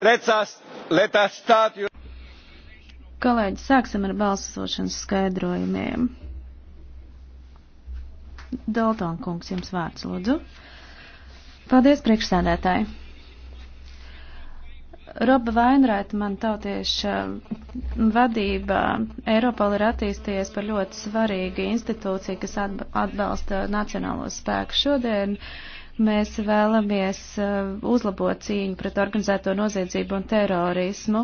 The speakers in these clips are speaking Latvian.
Us, your... Kolēģi, sāksim ar balsošanas skaidrojumiem. Dalton kungs, jums vārds, lūdzu. Paldies, priekšsēdētāji. Roba Vainraita, man tautieša vadība, Eiropola ir attīstījies par ļoti svarīgu institūciju, kas atbalsta nacionālos spēkus šodien. Uh, Mēs vēlamies uh, uzlabot cīņu pret organizēto noziedzību un terorismu.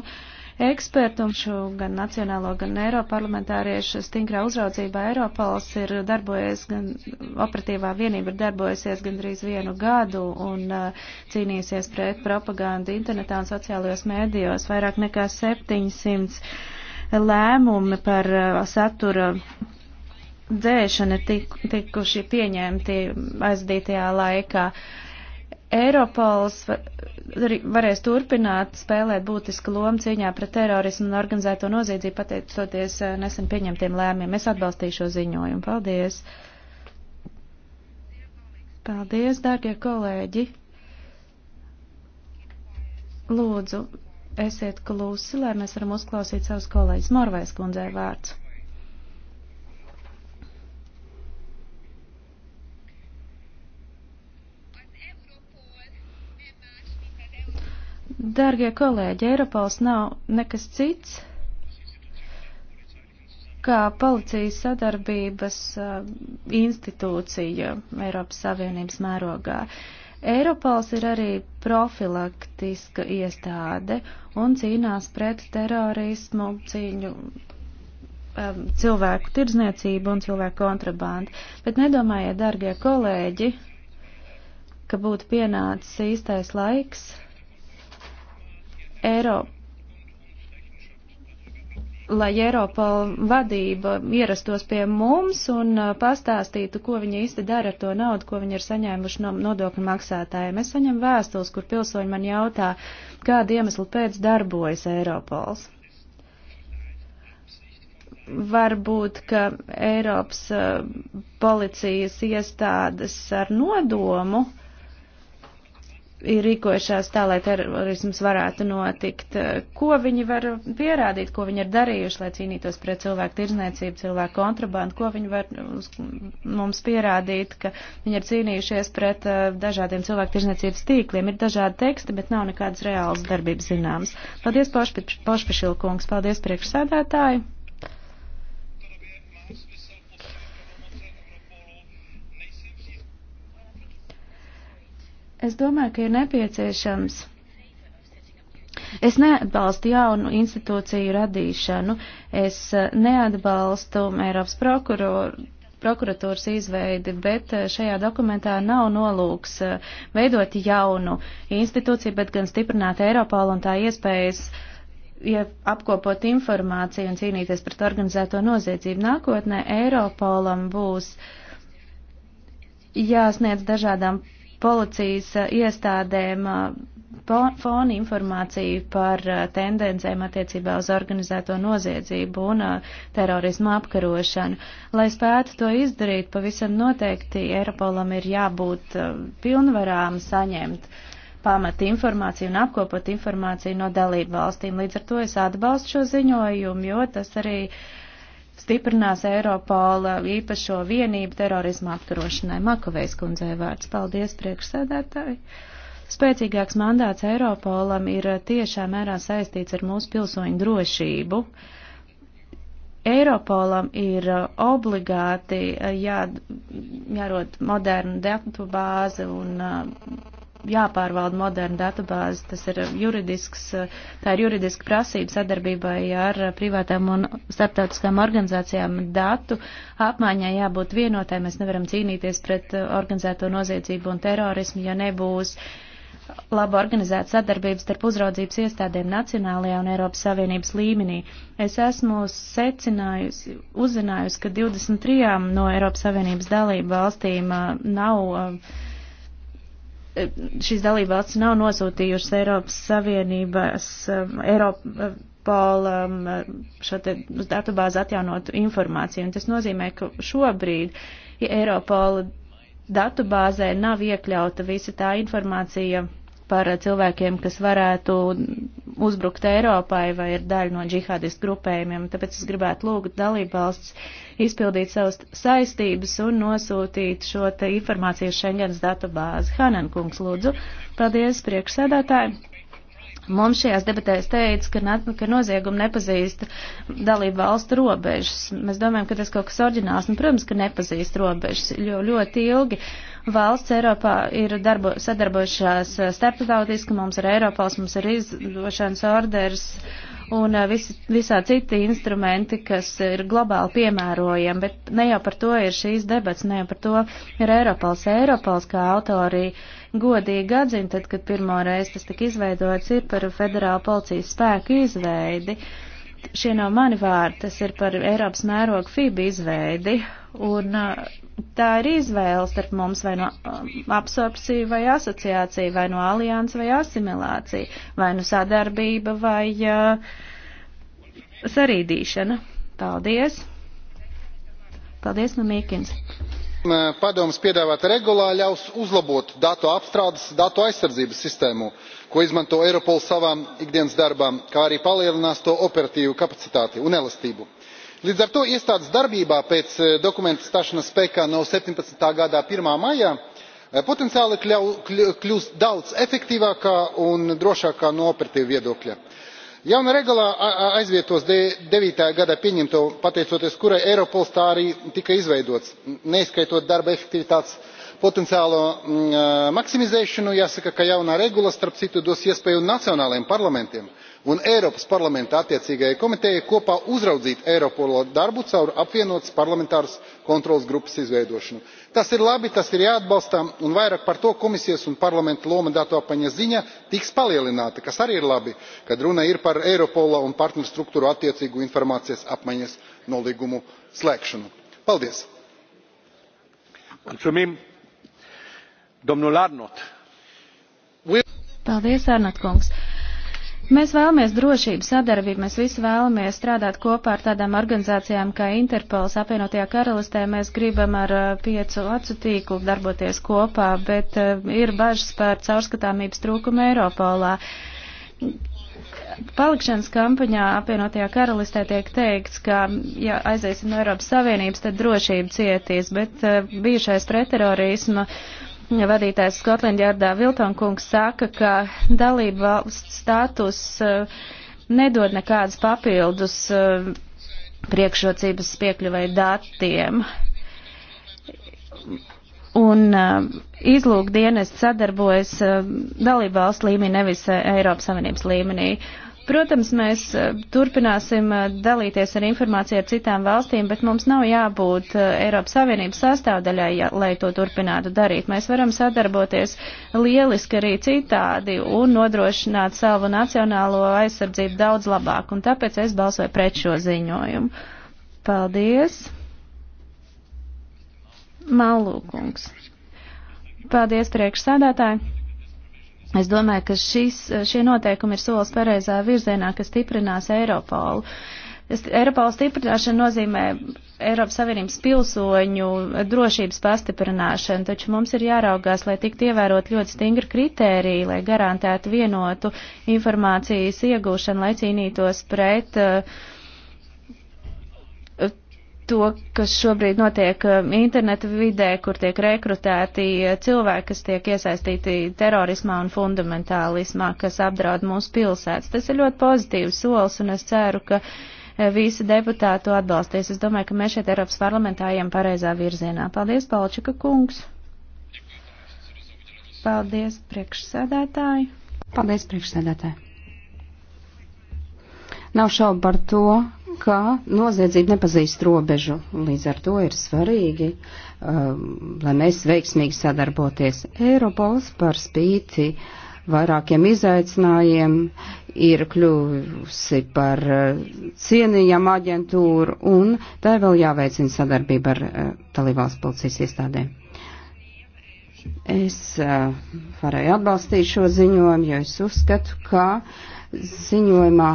Ekspertu un gan nacionālo, gan Eiroparlamentāriešu stingrā uzraudzībā Eiropals ir darbojies, gan operatīvā vienība ir darbojusies gandrīz vienu gadu un uh, cīnīsies pret propagandu internetā un sociālajos mēdījos vairāk nekā 700 lēmumi par uh, satura dzēšana tik, tikuši pieņemti aizdītajā laikā. Eiropols varēs turpināt spēlēt būtisku lomu cīņā pret terorismu un organizēto noziedzību, pateicoties eh, nesen pieņemtiem lēmiem. Es atbalstīšu šo ziņojumu. Paldies! Paldies, dārgie kolēģi! Lūdzu, esiet klusi, lai mēs varam uzklausīt savus kolēģus. Morvais kundzei vārds. Dargie kolēģi, Eiropols nav nekas cits kā policijas sadarbības uh, institūcija Eiropas Savienības mērogā. Eiropols ir arī profilaktiska iestāde un cīnās pret terorismu, cīņu um, cilvēku tirdzniecību un cilvēku kontrabandu. Bet nedomājiet, dargie kolēģi, ka būtu pienācis īstais laiks Eiropa lai Eiropa vadība ierastos pie mums un uh, pastāstītu, ko viņi īsti dara ar to naudu, ko viņi ir saņēmuši no nodokļu maksātājiem. Es saņemu vēstules, kur pilsoņi man jautā, kāda iemesla pēc darbojas Eiropols. Varbūt, ka Eiropas uh, policijas iestādes ar nodomu uh, ir rīkojušās tā, lai terorisms varētu notikt. Ko viņi var pierādīt, ko viņi ir darījuši, lai cīnītos pret cilvēku tirzniecību, cilvēku kontrabandu, ko viņi var mums pierādīt, ka viņi ir cīnījušies pret uh, dažādiem cilvēku tirzniecības tīkliem. Ir dažādi teksti, bet nav nekādas reālas darbības zināmas. Paldies, Pošpišilkungs, paldies priekšsēdētāji! Es domāju, ka ir nepieciešams. Es neatbalstu jaunu institūciju radīšanu, es eh, neatbalstu Eiropas prokuroru prokuratūras izveidi, bet eh, šajā dokumentā nav nolūks eh, veidot jaunu institūciju, bet gan stiprināt Eiropālu un tā iespējas ja apkopot informāciju un cīnīties pret organizēto noziedzību. Nākotnē Eiropālam būs jāsniedz dažādām policijas eh, iestādēm eh, fona informāciju par eh, tendencēm attiecībā uz organizēto noziedzību un terorismu apkarošanu. Lai spētu to izdarīt, pavisam noteikti Eiropolam ir jābūt pilnvarām saņemt pamat informāciju un apkopot informāciju no dalību valstīm. Līdz ar to es atbalstu šo ziņojumu, jo tas arī uh, stiprinās Eiropola īpašo vienību terorismu apkarošanai. Makovejs kundzei vārds. Paldies, priekšsēdētāji! Spēcīgāks mandāts Eiropolam ir tiešā mērā saistīts ar mūsu pilsoņu drošību. Eiropolam ir obligāti jā, jārod modernu datu bāzi un jāpārvalda moderna databāze, tas ir juridisks, tā ir juridiska prasība sadarbībai ar privātām un starptautiskām organizācijām datu apmaiņai jābūt vienotai, mēs nevaram cīnīties pret organizēto noziedzību un terorismu, ja nebūs labu organizētu sadarbību starp uzraudzības iestādēm nacionālajā un Eiropas Savienības līmenī. Es esmu secinājusi, uzzinājusi, ka 23 no Eiropas Savienības dalību valstīm uh, nav uh, šīs dalībvalsts nav nosūtījušas Eiropas Savienības, um, Eiropolam um, šo te uz datubāzi atjaunotu informāciju. Un tas nozīmē, ka šobrīd ja Eiropola datubāzē nav iekļauta visa tā informācija, par cilvēkiem, kas varētu uzbrukt Eiropai vai ir daļa no džihādistu grupējumiem. Tāpēc es gribētu lūgt dalībvalsts izpildīt savas saistības un nosūtīt šo te informāciju Schengens datubāzi. Hanan kungs, lūdzu. Paldies, priekšsēdētāji mums šajās debatēs teica, ka, ne, ka noziegumi nepazīst dalību valstu robežas. Mēs domājam, ka tas kaut kas orģināls, un, protams, ka nepazīst robežas. Ļo, ļoti ilgi valsts Eiropā ir darbo, sadarbojušās starptautiski, mums ir Eiropals, mums ir izdošanas orders. Uh, un eh, vis, visā citi instrumenti, kas ir globāli piemērojami, bet ne jau par to ir šīs debats, ne jau par to ir Eiropals. Eiropals kā autori godīgi atzina, tad, kad pirmo reizi tas tika izveidots, ir par federālu policijas spēku izveidi. Šie nav mani vārdi, tas ir par Eiropas mērogu FIB izveidi, Un tā ir izvēle starp mums vai no absorpcija vai asociācija, vai no alianses vai asimilācija, vai no nu sadarbība vai uh, sarīdīšana. Paldies! Paldies, Mamīkins! Padoms piedāvāta regulā ļaus uzlabot datu apstrādes, datu aizsardzības sistēmu, ko izmanto Eiropola savām ikdienas darbām, kā arī palielinās to operatīvu kapacitāti un elastību līdz ar to iestādes darbībā pēc e, dokumenta stāšanās spēkā no septiņpadsmitā gada pirmā maija e, potenciāli kļūst daudz efektīvāka un drošāka no operatīva viedokļa. jauna regula aizvietos devītā gada pieņemto pateicoties kurai europols tā arī tika izveidots. neskaitot darba efektivitātes potenciālo mm, e, maksimizēšanu jāsaka ka jaunā regula starp citu dos iespēju nacionālajiem parlamentiem un eiropas parlamenta attiecīgajai komitejai kopā uzraudzīt europola darbu caur apvienotas parlamentāras kontroles grupas izveidošanu. tas ir labi tas ir jāatbalsta un vairāk par to komisijas un parlamenta loma datu apmaiņas ziņā tiks palielināta kas arī ir labi kad runa ir par europola un partnerstruktūru attiecīgu informācijas apmaiņas nolīgumu slēgšanu. paldies! Paldies, Arnott kungs. Mēs vēlamies drošību, sadarbību, mēs visi vēlamies strādāt kopā ar tādām organizācijām kā Interpols, apvienotajā karalistē mēs gribam ar uh, piecu acu tīklu darboties kopā, bet uh, ir bažas par caurskatāmības trūkumu Eiropolā. Palikšanas kampaņā apvienotajā karalistē tiek teikts, ka, ja aiziesim no Eiropas Savienības, tad drošība cietīs, bet uh, bijušais pretterorisma. Uh, vadītājs Skotlandjārdā Viltonkungs saka, ka dalība valsts status eh, nedod nekādas papildus eh, priekšrocības piekļuvai datiem. Un uh, eh, izlūk dienas sadarbojas uh, dalībvalsts līmenī, nevis Eiropas Savienības līmenī. Uh, Protams, mēs e, turpināsim e, dalīties ar informāciju ar citām valstīm, bet mums nav jābūt e, Eiropas Savienības sastāvdaļai, ja, lai to turpinātu darīt. Mēs varam sadarboties lieliski arī citādi un nodrošināt savu nacionālo aizsardzību daudz labāk, un tāpēc es balsoju pret šo ziņojumu. Paldies! Malūkungs. Paldies, priekšsādātāji! Es domāju, ka šis, šie noteikumi ir solis pareizā virzienā, kas stiprinās Eiropolu. Eiropola stiprināšana nozīmē Eiropas Savienības pilsoņu drošības pastiprināšanu, taču mums ir jāraugās, lai tiktu ievērot ļoti stingri kritēriji, lai garantētu vienotu informācijas iegūšanu, lai cīnītos pret uh, to, kas šobrīd notiek um, interneta vidē, kur tiek rekrutēti uh, cilvēki, kas tiek iesaistīti terorismā un fundamentālismā, kas apdraud mūsu pilsētas. Tas ir ļoti pozitīvs solis, un es ceru, ka uh, visi deputāti to atbalstīs. Es domāju, ka mēs šeit Eiropas parlamentā ejam pareizā virzienā. Paldies, Palčika kungs! Paldies, priekšsēdētāji! Paldies, priekšsēdētāji! Nav šaubu par to, ka noziedzība nepazīst robežu. Līdz ar to ir svarīgi, um, lai mēs veiksmīgi sadarboties. Eiropols par spīti vairākiem izaicinājumiem ir kļuvusi par uh, cienījamu aģentūru un tā vēl jāveicina sadarbība ar uh, dalībvalsts policijas iestādēm. Es uh, varēju atbalstīt šo ziņojumu, jo es uzskatu, ka ziņojumā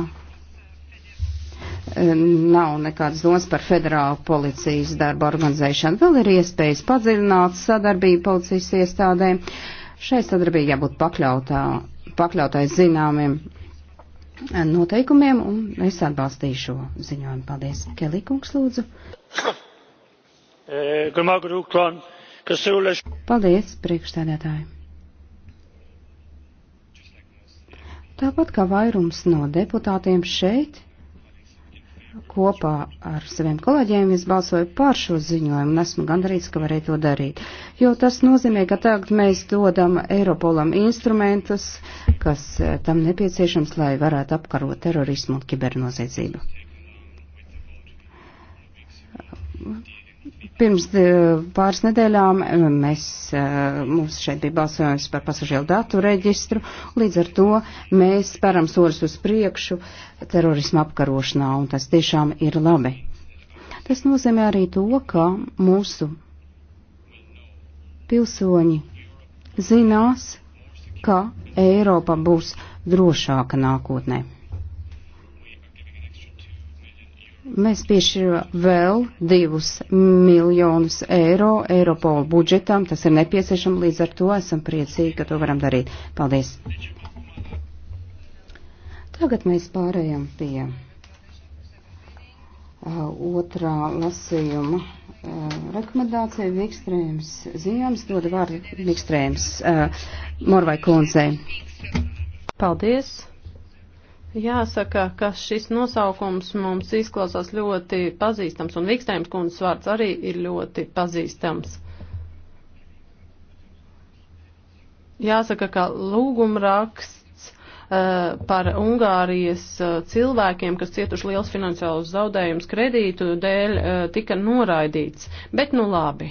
nav nekādas domas par federālu policijas darbu organizēšanu. Vēl ir iespējas padziļināt sadarbību policijas iestādēm. Šai sadarbībai jābūt pakļautā, pakļautai zināmiem noteikumiem, un es atbalstīšu šo ziņojumu. Paldies. Kelikungs, lūdzu. Paldies, priekšstādētāji. Tāpat kā vairums no deputātiem šeit, kopā ar saviem kolēģiem es balsoju par šo ziņojumu un esmu gandarīts, ka varēju to darīt. Jo tas nozīmē, ka tagad mēs dodam Eiropolam instrumentus, kas eh, tam nepieciešams, lai varētu apkarot terorismu un kibernoziedzību. Pirms e, pāris nedēļām e, mēs, e, mums šeit bija balsojums par pasažieru datu reģistru, līdz ar to mēs speram soļus uz priekšu terorismu apkarošanā, un tas tiešām ir labi. Tas nozīmē arī to, ka mūsu pilsoņi zinās, ka Eiropa būs drošāka nākotnē. Mēs piešķiram vēl divus miljonus eiro Eiropola budžetam. Tas ir nepieciešams, līdz ar to esam priecīgi, ka to varam darīt. Paldies! Tagad mēs pārējām pie uh, otrā lasījuma uh, rekomendācija. Vikstrēms ziņojums dod vārdu Vikstrēms uh, Morvai kundzei. Paldies! Jāsaka, ka šis nosaukums mums izklausās ļoti pazīstams, un Vikstēms kundzes vārds arī ir ļoti pazīstams. Jāsaka, ka lūgumraksts uh, par Ungārijas uh, cilvēkiem, kas cietuši liels finansiālus zaudējumus kredītu dēļ, uh, tika noraidīts. Bet nu labi.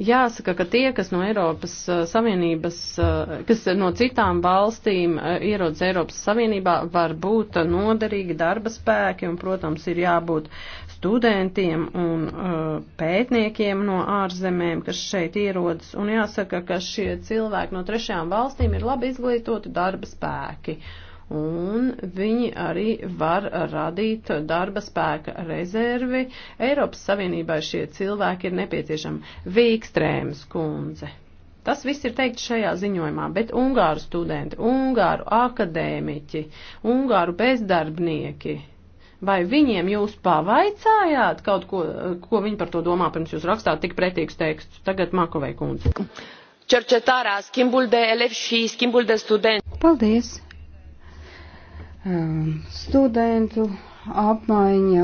Jāsaka, ka tie, kas no Eiropas uh, Savienības, uh, kas no citām valstīm uh, ierodas Eiropas Savienībā, var būt noderīgi darba spēki un, protams, ir jābūt studentiem un pētniekiem no ārzemēm, kas šeit ierodas. Un jāsaka, ka šie cilvēki no trešajām valstīm ir labi izglītoti darba spēki. Uh, un viņi arī var radīt darba spēka rezervi. Eiropas Savienībai šie cilvēki ir nepieciešami vīkstrēmas kundze. Tas viss ir teikt šajā ziņojumā, bet ungāru studenti, ungāru akadēmiķi, ungāru bezdarbnieki, vai viņiem jūs pavaicājāt kaut ko, ko viņi par to domā, pirms jūs rakstāt tik pretīgus tekstus? Tagad Makovei kundze cercetarea schimbul de elevi și schimbul de studenți. Paldies! Um, studentu apmaiņa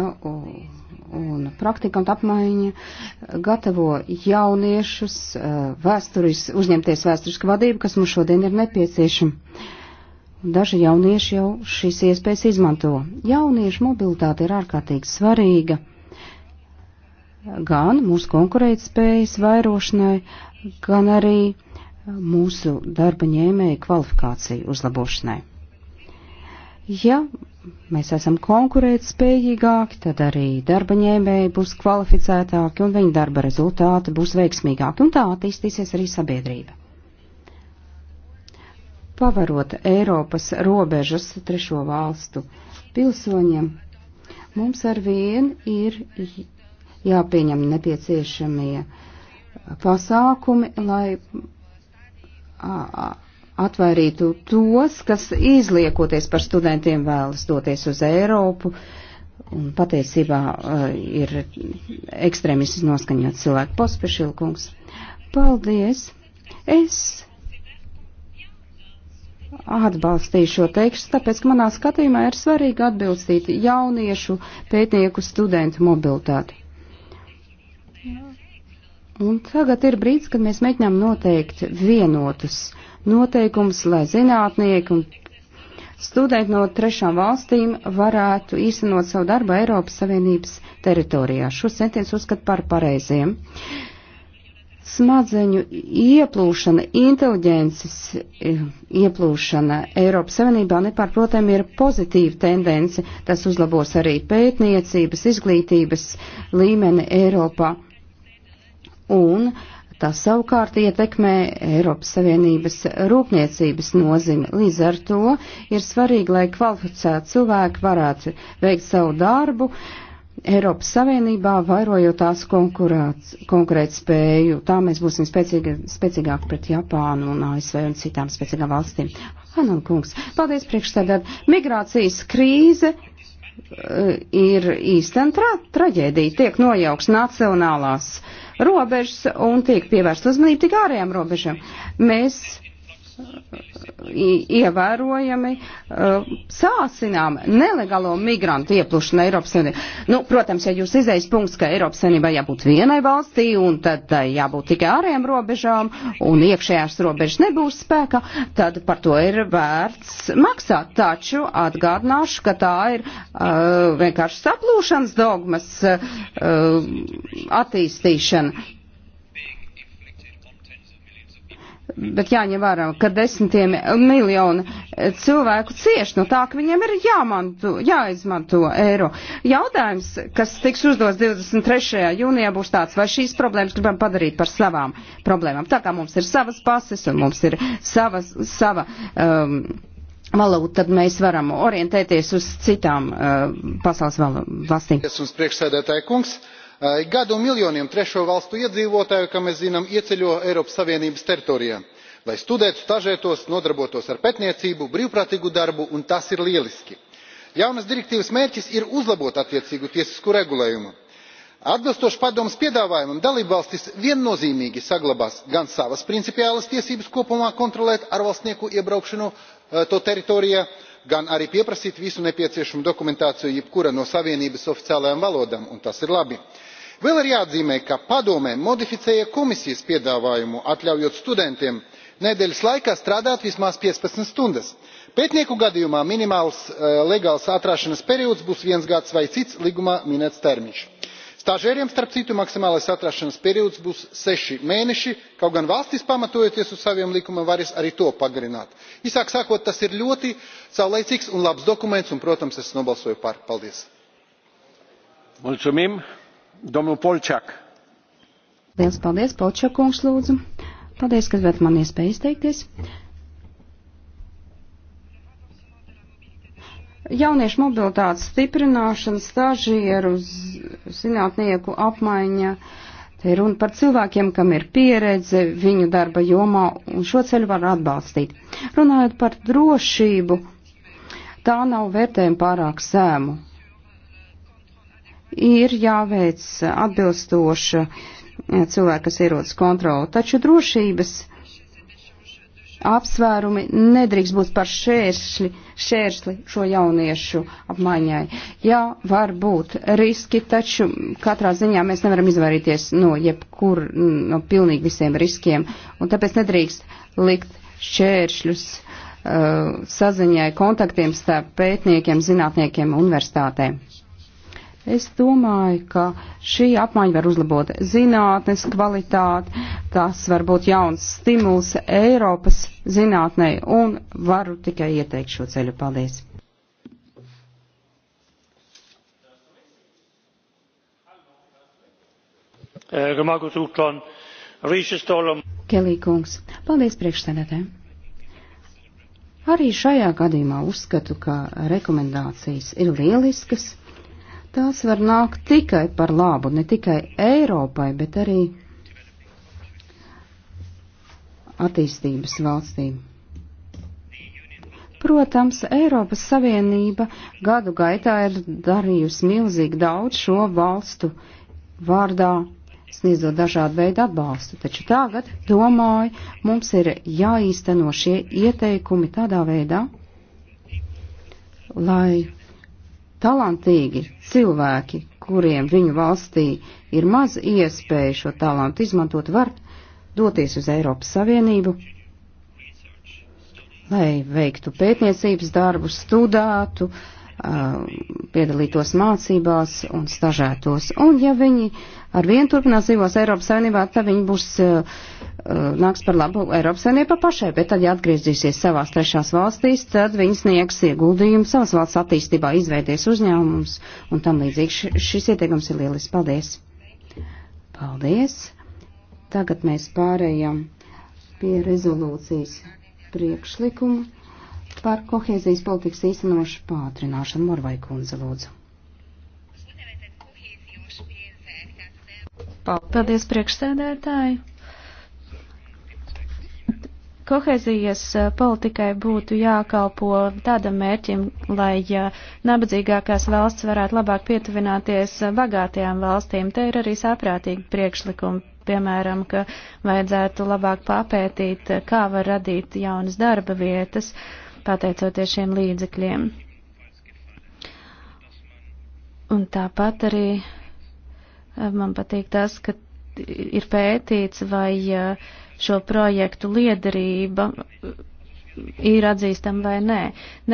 un praktikantu apmaiņa gatavo jauniešus uh, vēsturis, uzņemties vēsturisku vadību, kas mums šodien ir nepieciešama. Daži jaunieši jau šīs iespējas izmanto. Jauniešu mobilitāte ir ārkārtīgi svarīga gan mūsu konkurētspējas vairošanai, gan arī mūsu darba ņēmēju kvalifikāciju uzlabošanai. Ja mēs esam konkurētspējīgāki, tad arī darba ņēmēji būs kvalificētāki un viņu darba rezultāti būs veiksmīgāki, un tā attīstīsies arī sabiedrība. Pavarot Eiropas robežas trešo valstu pilsoņiem, mums ar vien ir jāpieņem nepieciešamie pasākumi, lai atvairītu tos, kas izliekoties par studentiem vēlas doties uz Eiropu, un patiesībā uh, ir ekstrēmisti noskaņot cilvēku pospešilkungs. Paldies! Es atbalstīju šo tekstu, tāpēc, ka manā skatījumā ir svarīgi atbilstīt jauniešu pētnieku studentu mobilitāti. Un tagad ir brīdis, kad mēs mēģinām noteikt vienotus uh, noteikums, lai zinātnieki un studenti no trešām valstīm varētu īstenot savu darbu Eiropas Savienības teritorijā. Šo sentienus uzskat par pareiziem. Smadzeņu ieplūšana, inteliģences e, ieplūšana Eiropas Savienībā nepārprotami ir pozitīva tendence. Tas uzlabos arī pētniecības, izglītības līmeni Eiropā. Un uh, Tas savukārt ietekmē Eiropas Savienības rūpniecības nozīmi. Līdz ar to ir svarīgi, lai kvalificēti cilvēki varētu veikt savu darbu Eiropas Savienībā, vairojot tās konkurēt spēju. Tā mēs būsim spēcīga, spēcīgāki pret Japānu un ASV un citām spēcīgām valstīm. Hanan kungs, paldies priekšsēdēt. Migrācijas krīze Eh, ir īsten tra traģēdija. Tiek nojauks nacionālās robežas un tiek pievērst uzmanību tik ārējām robežām. Mēs ievērojami uh, sāsinām nelegālo migrantu ieplūšanu Eiropas Savienībā. Nu, protams, ja jūs izējas punkts, ka Eiropas Savienībā jābūt vienai valstī un tad uh, jābūt tikai ārējām robežām un iekšējās robežas nebūs spēka, tad par to ir vērts maksāt. Taču atgādināšu, ka tā ir uh, vienkārši saplūšanas dogmas uh, attīstīšana Bet jāņem vērā, ka desmitiem miljoni cilvēku cieši no tā, ka viņiem ir jāmanto, jāizmanto eiro. Jautājums, kas tiks uzdots 23. jūnijā, būs tāds, vai šīs problēmas gribam padarīt par savām problēmām. Tā kā mums ir savas pases un mums ir savas, sava. Um, valūtu, tad mēs varam orientēties uz citām uh, pasaules valstīm ik gadu miljoniem trešo valstu iedzīvotāju kā mēs zinām ieceļo eiropas savienības teritorijā lai studētu stažētos nodarbotos ar pētniecību brīvprātīgu darbu un tas ir lieliski. jaunas direktīvas mērķis ir uzlabot attiecīgo tiesisko regulējumu. atbilstoši padomes piedāvājumam dalībvalstis viennozīmīgi saglabās gan savas principiālās tiesības kopumā kontrolēt ārvalstnieku iebraukšanu to teritorijā gan arī pieprasīt visu nepieciešamo dokumentāciju jebkurā no savienības oficiālajām valodām un tas ir labi vēl ir jāatzīmē ka padome modificēja komisijas piedāvājumu atļaujot studentiem nedēļas laikā strādāt vismaz piecpadsmit stundas. pētnieku gadījumā minimāls eh, legāls atrašanās periods būs viens gads vai cits līgumā minēts termiņš. stažieriem starp citu maksimālais atrašanās periods būs seši mēneši kaut gan valstis pamatojoties uz saviem likumiem var arī to pagarināt. īsāk sakot tas ir ļoti saulaicīgs un labs dokuments un protams es nobalsoju par. paldies! Domnul Polčak. Liels paldies, Polčak kungs, lūdzu. Paldies, ka vēl man iespēja izteikties. Jauniešu mobilitātes stiprināšana, stažieru, zinātnieku apmaiņa. Te ir runa par cilvēkiem, kam ir pieredze viņu darba jomā, un šo ceļu var atbalstīt. Runājot par drošību, tā nav vērtējuma pārāk sēmu ir jāveic atbilstoša eh, cilvēka, kas ierodas kontrola. Taču drošības apsvērumi nedrīkst būt par šēršli, šēršli šo jauniešu apmaiņai. Jā, var būt riski, taču katrā ziņā mēs nevaram izvairīties no jebkur, no pilnīgi visiem riskiem, un tāpēc nedrīkst likt šķēršļus uh, eh, saziņai, kontaktiem starp pētniekiem, zinātniekiem, universitātēm. Es domāju, ka šī apmaiņa var uzlabot zinātnes kvalitāti, tas var būt jauns stimuls Eiropas zinātnei un varu tikai ieteikt šo ceļu. Paldies! Kelī kungs, paldies priekšsēdētājiem! Arī šajā gadījumā uzskatu, ka rekomendācijas ir lieliskas Tās var nākt tikai par labu, ne tikai Eiropai, bet arī attīstības valstīm. Protams, Eiropas Savienība gadu gaitā ir darījusi milzīgi daudz šo valstu vārdā, sniedzot dažādu veidu atbalstu, taču tagad, domāju, mums ir jāīsteno šie ieteikumi tādā veidā, lai talantīgi cilvēki, kuriem viņu valstī ir maz iespēja šo talantu izmantot, var doties uz Eiropas Savienību, lai veiktu pētniecības darbu, studētu, uh, piedalītos mācībās un stažētos. Un ja viņi ar vienu turpinās dzīvos Eiropas saimnībā, tad viņi būs, eh, eh, nāks par labu Eiropas saimnībā pašai, bet tad, ja atgriezīsies savās trešās valstīs, tad viņi sniegs ieguldījumu savas valsts attīstībā, izveidies uzņēmumus un tam līdzīgi. Šis ieteikums ir lielisks. Paldies! Paldies! Tagad mēs pārējām pie rezolūcijas priekšlikuma par kohēzijas politikas īstenošu pātrināšanu. Morvai kundze, lūdzu. Paldies, priekšsēdētāji. Kohēzijas eh, politikai būtu jākalpo tādam mērķim, lai eh, nabadzīgākās valsts varētu labāk pietuvināties eh, bagātajām valstīm. Te ir arī saprātīgi priekšlikumi piemēram, ka vajadzētu labāk papētīt, kā var radīt jaunas darba vietas. Uh, pateicoties šiem līdzekļiem. Un tāpat arī eh, man patīk tas, ka ir pētīts, vai eh, šo projektu liederība eh, ir atzīstama vai nē.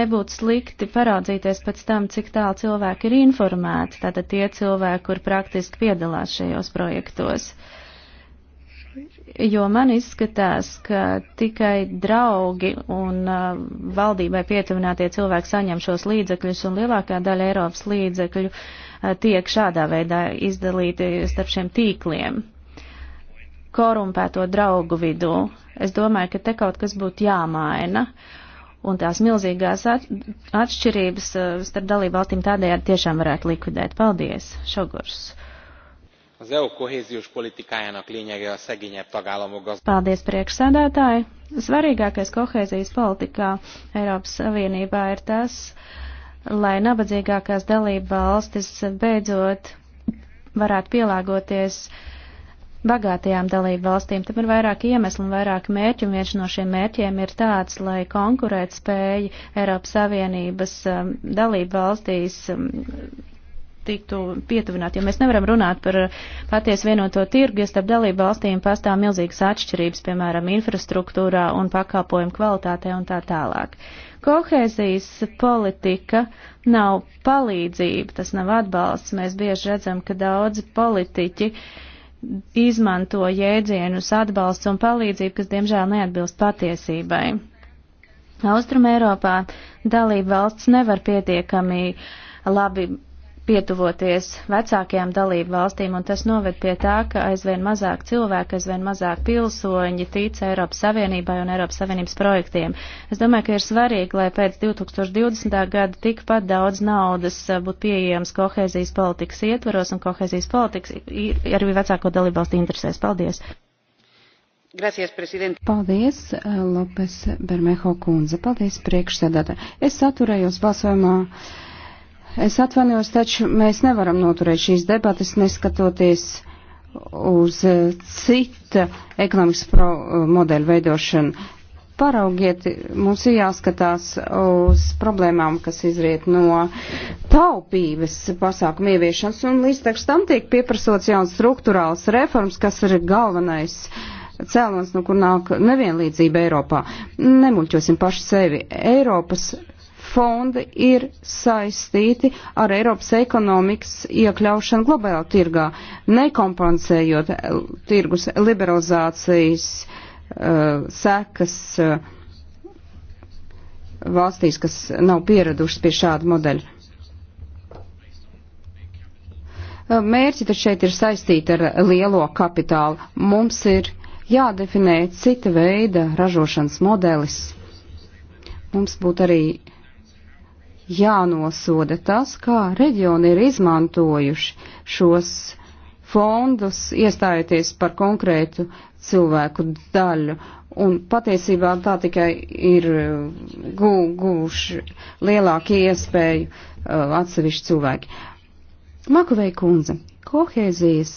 Nebūtu slikti paraudzīties pēc tam, cik tālu cilvēki ir informēti, tātad tie cilvēki, kur praktiski piedalās šajos projektos. Uh, jo man izskatās, ka tikai draugi un uh, valdībai pietuvinātie cilvēki saņem šos līdzekļus, un lielākā daļa Eiropas līdzekļu uh, tiek šādā veidā izdalīti starp šiem tīkliem korumpēto draugu vidū. Es domāju, ka te kaut kas būtu jāmaina. Un tās milzīgās atšķirības uh, starp dalībvalstīm tādējādi tiešām varētu likvidēt. Paldies, Šogurs! Az EU kohéziós politikájának lényege a szegényebb tagállamok gazdasága. Paldies, priekšsēdētāji! Svarīgākais kohēzijas politikā Eiropas Savienībā ir tas, lai nabadzīgākās dalība valstis beidzot varētu pielāgoties bagātajām dalību valstīm. Tam ir vairāk iemeslu un vairāk mērķu, un viens no šiem mērķiem ir tāds, lai konkurēt spēju Eiropas Savienības um, dalību valstīs um, tiktu pietuvināt, jo mēs nevaram runāt par patiesu vienoto tirgu, ja starp dalību valstīm pastāv milzīgas atšķirības, piemēram, infrastruktūrā un pakalpojumu kvalitātē un tā tālāk. Kohēzijas politika nav palīdzība, tas nav atbalsts. Mēs bieži redzam, ka daudzi politiķi izmanto jēdzienus atbalsts un palīdzību, kas diemžēl neatbilst patiesībai. Austrum Eiropā dalība valsts nevar pietiekami labi pietuvoties vecākajām dalību valstīm, un tas noved pie tā, ka aizvien mazāk cilvēku, aizvien mazāk pilsoņi tic Eiropas Savienībai un Eiropas Savienības projektiem. Es domāju, ka ir svarīgi, lai pēc 2020. gada tikpat daudz naudas uh, būtu pieejams kohēzijas politikas ietvaros, un kohēzijas politikas ir arī vecāko dalību valstu interesēs. Paldies! Gracias, presidente. Paldies, uh, Lopes Bermeho kundze. Paldies, priekšsēdētāji. Es saturējos balsojumā Es atvainojos, taču mēs nevaram noturēt šīs debatas, neskatoties uz eh, cita ekonomikas pro, eh, modeļa veidošanu. Paraugiet, mums ir jāskatās uz problēmām, kas izriet no taupības pasākumu ieviešanas, un līdz tam tiek pieprasots jauns struktūrāls reformas, kas ir galvenais cēlons, no kur nāk nevienlīdzība Eiropā. Nemuļķosim paši sevi. Eiropas fondi ir saistīti ar Eiropas ekonomikas iekļaušanu globālā tirgā, nekompensējot eh, tirgus liberalizācijas uh, sekas uh, valstīs, kas nav pieradušas pie šāda modeļa. Mērķi taču šeit ir saistīti ar lielo kapitālu. Mums ir jādefinē cita veida ražošanas modelis. Mums būtu arī jānosoda tas, kā reģioni ir izmantojuši šos fondus, iestājoties par konkrētu cilvēku daļu. Un patiesībā tā tikai ir uh, gu, guvuši lielāku iespēju uh, atsevišķi cilvēki. Makuvei kundze, kohēzijas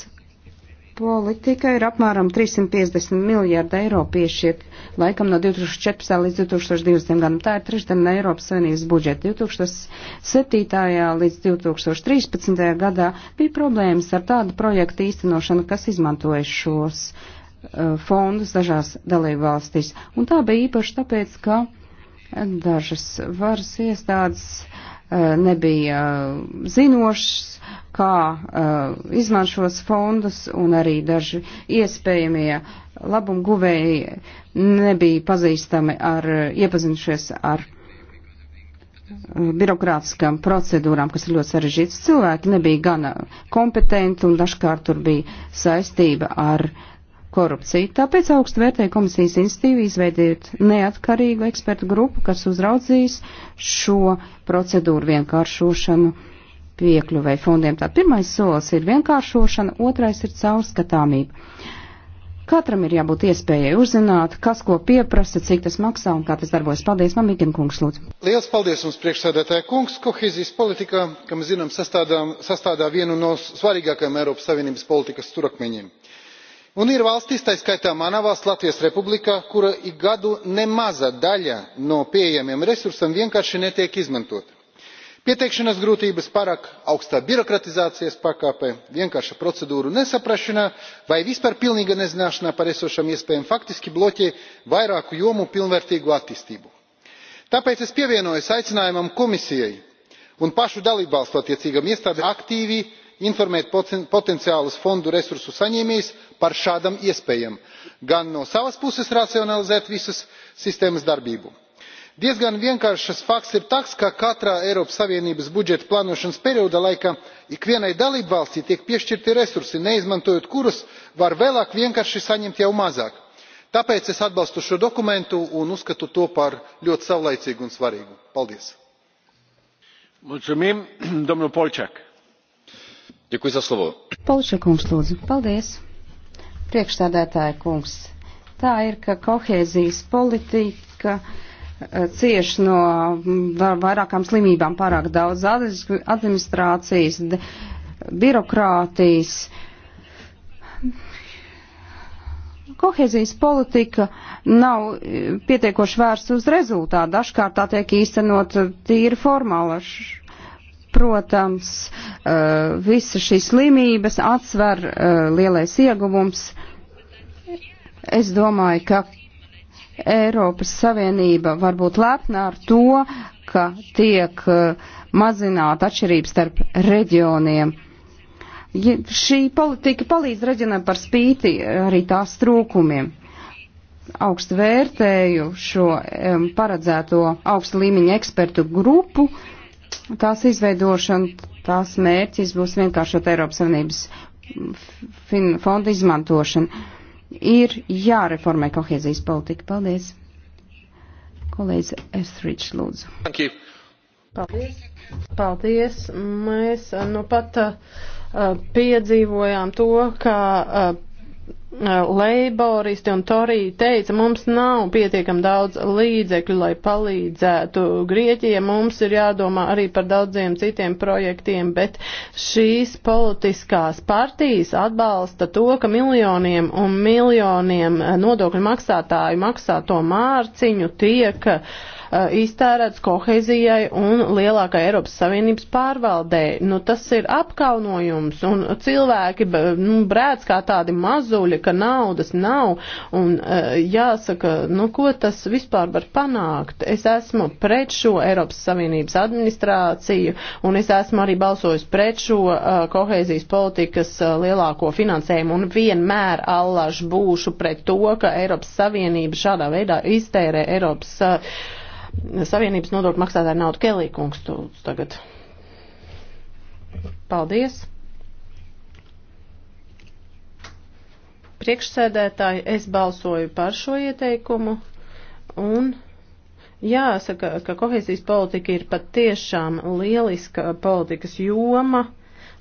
politika ir apmēram 350 miljārdi eiro piešķirt laikam no 2014. līdz 2020. gadam. Tā ir trešdaļa Eiropas Savienības budžeta. 2007. līdz 2013. gadā bija problēmas ar tādu projektu īstenošanu, kas izmantoja šos uh, fondus dažās dalību valstīs. Un tā bija īpaši tāpēc, ka dažas varas iestādes uh, Eh, nebija eh, zinošs, kā eh, izmantos fondus un arī daži iespējamie labumguvēji nebija pazīstami ar, iepazinušies ar birokrātiskām procedūrām, kas ir ļoti sarežģītas. Cilvēki nebija gana kompetenti un dažkārt tur bija saistība ar uh, korupciju. Tāpēc augstu vērtēja komisijas institīvi izveidot neatkarīgu ekspertu grupu, kas uzraudzīs šo procedūru vienkāršošanu piekļuvai fondiem. Tā pirmais solis ir vienkāršošana, otrais ir caurskatāmība. Katram ir jābūt iespējai uzzināt, kas ko pieprasa, cik tas maksā un kā tas darbojas. Paldies, Mamikina kungs, lūdzu. Lielas paldies mums priekšsēdētāja kungs. Kohēzijas politika, kā mēs zinām, sastādā, sastādā vienu no svarīgākajiem Eiropas Savienības politikas turakmeņiem un ir valstis tai skaitā mana valsts latvijas republika kura ik gadu nemaza daļa no pieejamiem resursiem vienkārši netiek izmantota pieteikšanās grūtības pārāk augstā birokratizācijas pakāpe vienkāršu procedūru nesaprašana vai vispār pilnīga nezināšana par esošām iespējām faktiski bloķē vairāku jomu pilnvērtīgu attīstību. tāpēc es pievienojos aicinājumam komisijai un pašu dalībvalstu attiecīgajām iestādēm aktīvi informēt potenciālus fondu resursu saņēmējus par šādām iespējām gan no savas puses racionalizēt visas sistēmas darbību. diezgan vienkāršs fakts ir tas ka katrā eiropas savienības budžeta plānošanas perioda laikā ikvienai dalībvalstij tiek piešķirti resursi neizmantojot kurus var vēlāk vienkārši saņemt jau mazāk. tāpēc es atbalstu šo dokumentu un uzskatu to par ļoti saulaicīgu un svarīgu. paldies! Polča kungs, lūdzu. Paldies. Priekšstādētāja kungs. Tā ir, ka kohēzijas politika eh, cieš no mm, vairākām slimībām pārāk daudz administrācijas, birokrātijas. Kohēzijas politika nav eh, pietiekoši vērsta uz rezultātu. Dažkārt tā tiek īstenot eh, tīri formālaši Protams, eh, visa šīs slimības atsver eh, lielais ieguvums. Es domāju, ka Eiropas Savienība var būt lepna ar to, ka tiek eh, mazināta atšķirības starp reģioniem. Ja šī politika palīdz reģionam par spīti arī tās trūkumiem. Augstu vērtēju šo um, paredzēto augstu līmeņu ekspertu grupu, uh, tās izveidošana, tās mērķis būs vienkāršot Eiropas Savienības fondu izmantošanu. Ir jāreformē kohēzijas politika. Paldies. Kolēģis Estrīčs, lūdzu. Thank you. Paldies. Paldies. Mēs uh, nu pat. Uh, uh, piedzīvojām to, ka uh, Leiboristi un Torija teica, mums nav pietiekam daudz līdzekļu, lai palīdzētu Grieķijai, mums ir jādomā arī par daudziem citiem projektiem, bet šīs politiskās partijas atbalsta to, ka miljoniem un miljoniem nodokļu maksātāju maksā to mārciņu tiek. Uh, Uh, iztērēts kohezijai un lielākai Eiropas Savienības pārvaldē. Nu, tas ir apkaunojums, un cilvēki nu, brēc kā tādi mazuļi, ka naudas nav, un uh, jāsaka, nu, ko tas vispār var panākt. Es esmu pret šo Eiropas Savienības administrāciju, un es esmu arī balsojis pret šo uh, kohēzijas politikas lielāko finansējumu, un vienmēr allaž būšu pret to, ka Eiropas Savienība šādā veidā iztērē Eiropas uh, Savienības nodokļu maksātāju naudu Kelī kungs tūlīt tagad. Paldies! Priekšsēdētāji, es balsoju par šo ieteikumu un jāsaka, ka kohēzijas politika ir patiešām lieliska politikas joma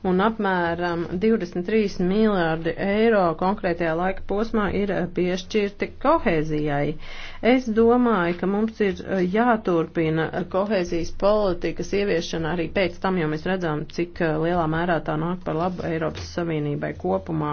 un apmēram 23 miljārdi eiro konkrētajā laika posmā ir piešķirti kohēzijai. Uh, Es domāju, ka mums ir eh, jāturpina eh, kohēzijas politikas ieviešana arī pēc tam, jo mēs redzam, cik eh, lielā mērā tā nāk par labu Eiropas Savienībai kopumā.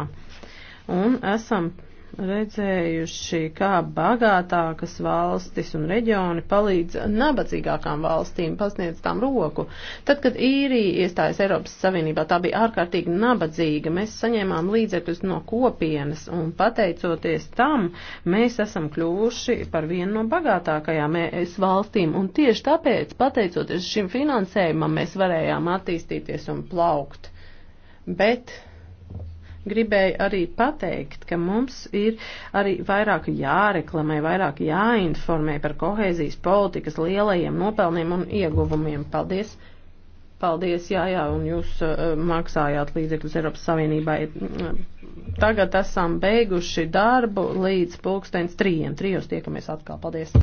Un esam redzējuši, kā bagātākas valstis un reģioni palīdz nabadzīgākām valstīm, pasniedz tām roku. Tad, kad īrija iestājas Eiropas Savienībā, tā bija ārkārtīgi nabadzīga, mēs saņēmām līdzekļus no kopienas, un pateicoties tam, mēs esam kļuvuši par vienu no bagātākajām ES valstīm, un tieši tāpēc, pateicoties šim finansējumam, mēs varējām attīstīties un plaukt. Bet Gribēju arī pateikt, ka mums ir arī vairāk jāreklamē, vairāk jāinformē par kohēzijas politikas lielajiem nopelniem un ieguvumiem. Paldies! Paldies, jā, jā, un jūs uh, maksājāt līdzekļus Eiropas Savienībai. Tagad esam beiguši darbu līdz pulkstens trījiem. Trijos tiekamies atkal. Paldies!